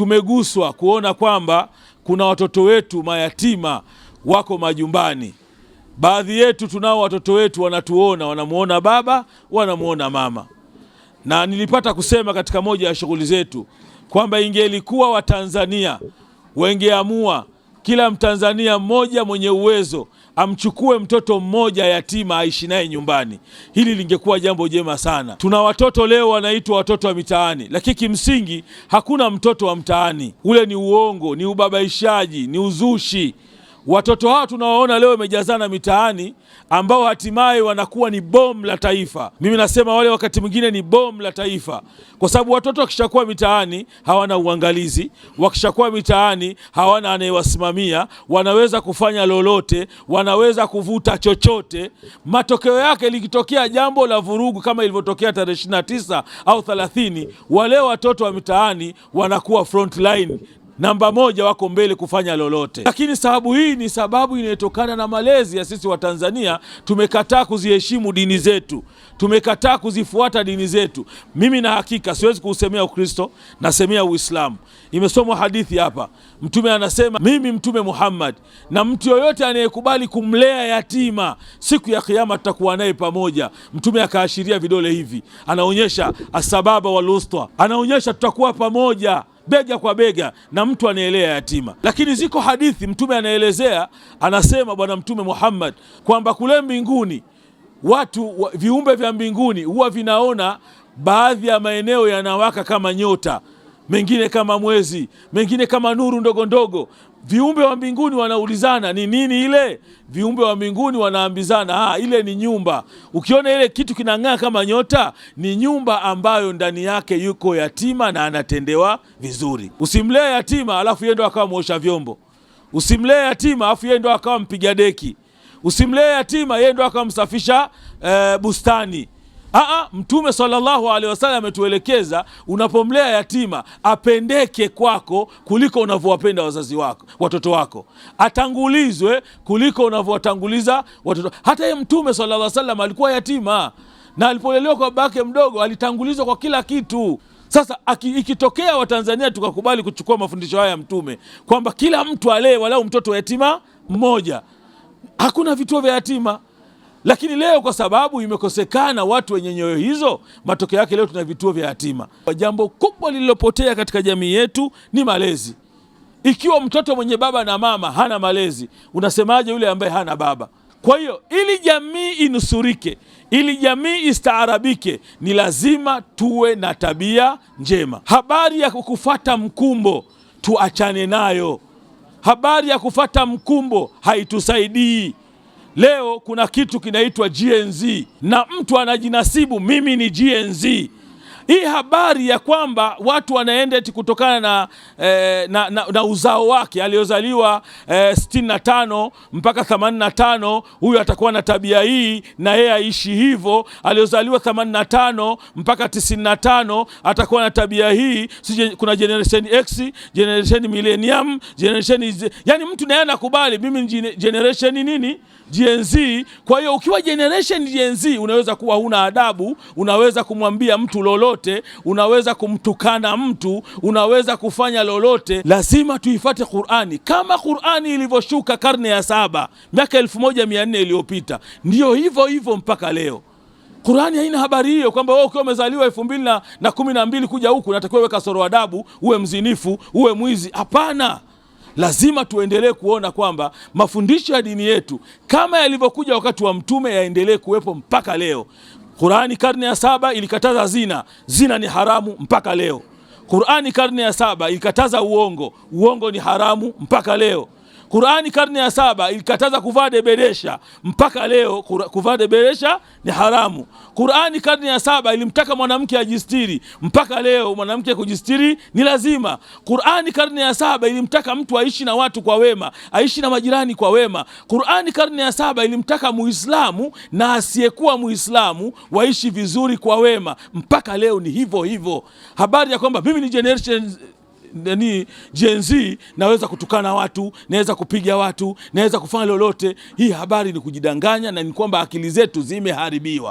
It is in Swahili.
tumeguswa kuona kwamba kuna watoto wetu mayatima wako majumbani. Baadhi yetu tunao watoto wetu wanatuona, wanamuona baba, wanamuona mama. Na nilipata kusema katika moja ya shughuli zetu kwamba ingelikuwa Watanzania wengeamua kila Mtanzania mmoja mwenye uwezo amchukue mtoto mmoja yatima aishi naye nyumbani. Hili lingekuwa jambo jema sana. Tuna watoto leo wanaitwa watoto wa mitaani, lakini kimsingi hakuna mtoto wa mtaani. Ule ni uongo, ni ubabaishaji, ni uzushi. Watoto hao tunawaona leo wamejazana mitaani, ambao hatimaye wanakuwa ni bomu la taifa. Mimi nasema wale wakati mwingine ni bomu la taifa, kwa sababu watoto wakishakuwa mitaani hawana uangalizi, wakishakuwa mitaani hawana anayewasimamia, wanaweza kufanya lolote, wanaweza kuvuta chochote. Matokeo yake likitokea jambo la vurugu kama ilivyotokea tarehe 29 au 30, wale watoto wa mitaani wanakuwa front line namba moja wako mbele kufanya lolote. Lakini sababu hii ni sababu inayotokana na malezi ya sisi Watanzania. Tumekataa kuziheshimu dini zetu, tumekataa kuzifuata dini zetu. Mimi na hakika siwezi kuusemea Ukristo, nasemea Uislamu. Imesomwa hadithi hapa, Mtume anasema mimi Mtume Muhammad, na mtu yoyote anayekubali kumlea yatima siku ya Kiyama tutakuwa naye pamoja. Mtume akaashiria vidole hivi, anaonyesha asababa walustwa, anaonyesha tutakuwa pamoja bega kwa bega na mtu anaelea yatima. Lakini ziko hadithi Mtume anaelezea, anasema Bwana Mtume Muhammad kwamba kule mbinguni watu viumbe vya mbinguni huwa vinaona baadhi ya maeneo yanawaka kama nyota, mengine kama mwezi, mengine kama nuru ndogo ndogo, viumbe wa mbinguni wanaulizana ni nini ile. Viumbe wa mbinguni wanaambizana ha, ah, ile ni nyumba. Ukiona ile kitu kinang'aa kama nyota, ni nyumba ambayo ndani yake yuko yatima na anatendewa vizuri. Usimlee yatima alafu yeye ndo akawa mwosha vyombo. Usimlee yatima alafu yeye ndo akawa mpiga deki. Usimlee yatima yeye ndo akamsafisha e, bustani. Aa, Mtume sallallahu alaihi wasallam ametuelekeza unapomlea yatima apendeke kwako kuliko unavyowapenda wazazi wako, watoto wako, atangulizwe kuliko unavyowatanguliza watoto. Hata ye Mtume sallallahu alaihi wasallam alikuwa yatima na alipolelewa kwa babake mdogo alitangulizwa kwa kila kitu. Sasa aki, ikitokea Watanzania tukakubali kuchukua mafundisho haya ya Mtume kwamba kila mtu alee walau mtoto yatima mmoja, hakuna vituo vya yatima lakini leo kwa sababu imekosekana watu wenye nyoyo hizo, matokeo yake leo tuna vituo vya yatima. Jambo kubwa lililopotea katika jamii yetu ni malezi. Ikiwa mtoto mwenye baba na mama hana malezi, unasemaje yule ambaye hana baba? Kwa hiyo ili jamii inusurike, ili jamii istaarabike, ni lazima tuwe na tabia njema. Habari ya kufata mkumbo tuachane nayo. Habari ya kufata mkumbo haitusaidii. Leo kuna kitu kinaitwa GNZ na mtu anajinasibu mimi ni GNZ. Hii habari ya kwamba watu wanaenda eti kutokana na, eh, na, na, na uzao wake aliyozaliwa eh, 65 mpaka 85, huyu atakuwa na tabia hii na yeye aishi hivyo. Aliyozaliwa 85 mpaka 95 atakuwa na tabia hii. Si kuna generation X, generation millennium, generation Z. Yani mtu naye anakubali mimi ni generation nini Gen Z. Kwa hiyo ukiwa generation Gen Z unaweza kuwa huna adabu, unaweza kumwambia mtu lolote lolote, unaweza kumtukana mtu, unaweza kufanya lolote. Lazima tuifate Qurani kama Qurani ilivyoshuka karne ya saba miaka elfu moja mia nne iliyopita, ndiyo hivyo hivyo mpaka leo. Qurani haina habari hiyo kwamba wewe ukiwa umezaliwa elfu mbili na kumi na mbili kuja huku natakiwa weka soro adabu, uwe mzinifu, uwe mwizi. Hapana. Lazima tuendelee kuona kwamba mafundisho ya dini yetu kama yalivyokuja wakati wa Mtume yaendelee kuwepo mpaka leo. Qurani karne ya saba ilikataza zina, zina ni haramu mpaka leo. Qurani karne ya saba ilikataza uongo, uongo ni haramu mpaka leo. Qurani karne ya saba ilikataza kuvaa debedesha, mpaka leo kuvaa debedesha ni haramu. Qurani karne ya saba ilimtaka mwanamke ajistiri, mpaka leo mwanamke kujistiri ni lazima. Qurani karne ya saba ilimtaka mtu aishi na watu kwa wema, aishi na majirani kwa wema. Qurani karne ya saba ilimtaka Muislamu na asiyekuwa Muislamu waishi vizuri kwa wema, mpaka leo ni hivyo hivyo. Habari ya kwamba mimi ni generation nani Gen Z, naweza kutukana watu, naweza kupiga watu, naweza kufanya lolote. Hii habari ni kujidanganya na ni kwamba akili zetu zimeharibiwa.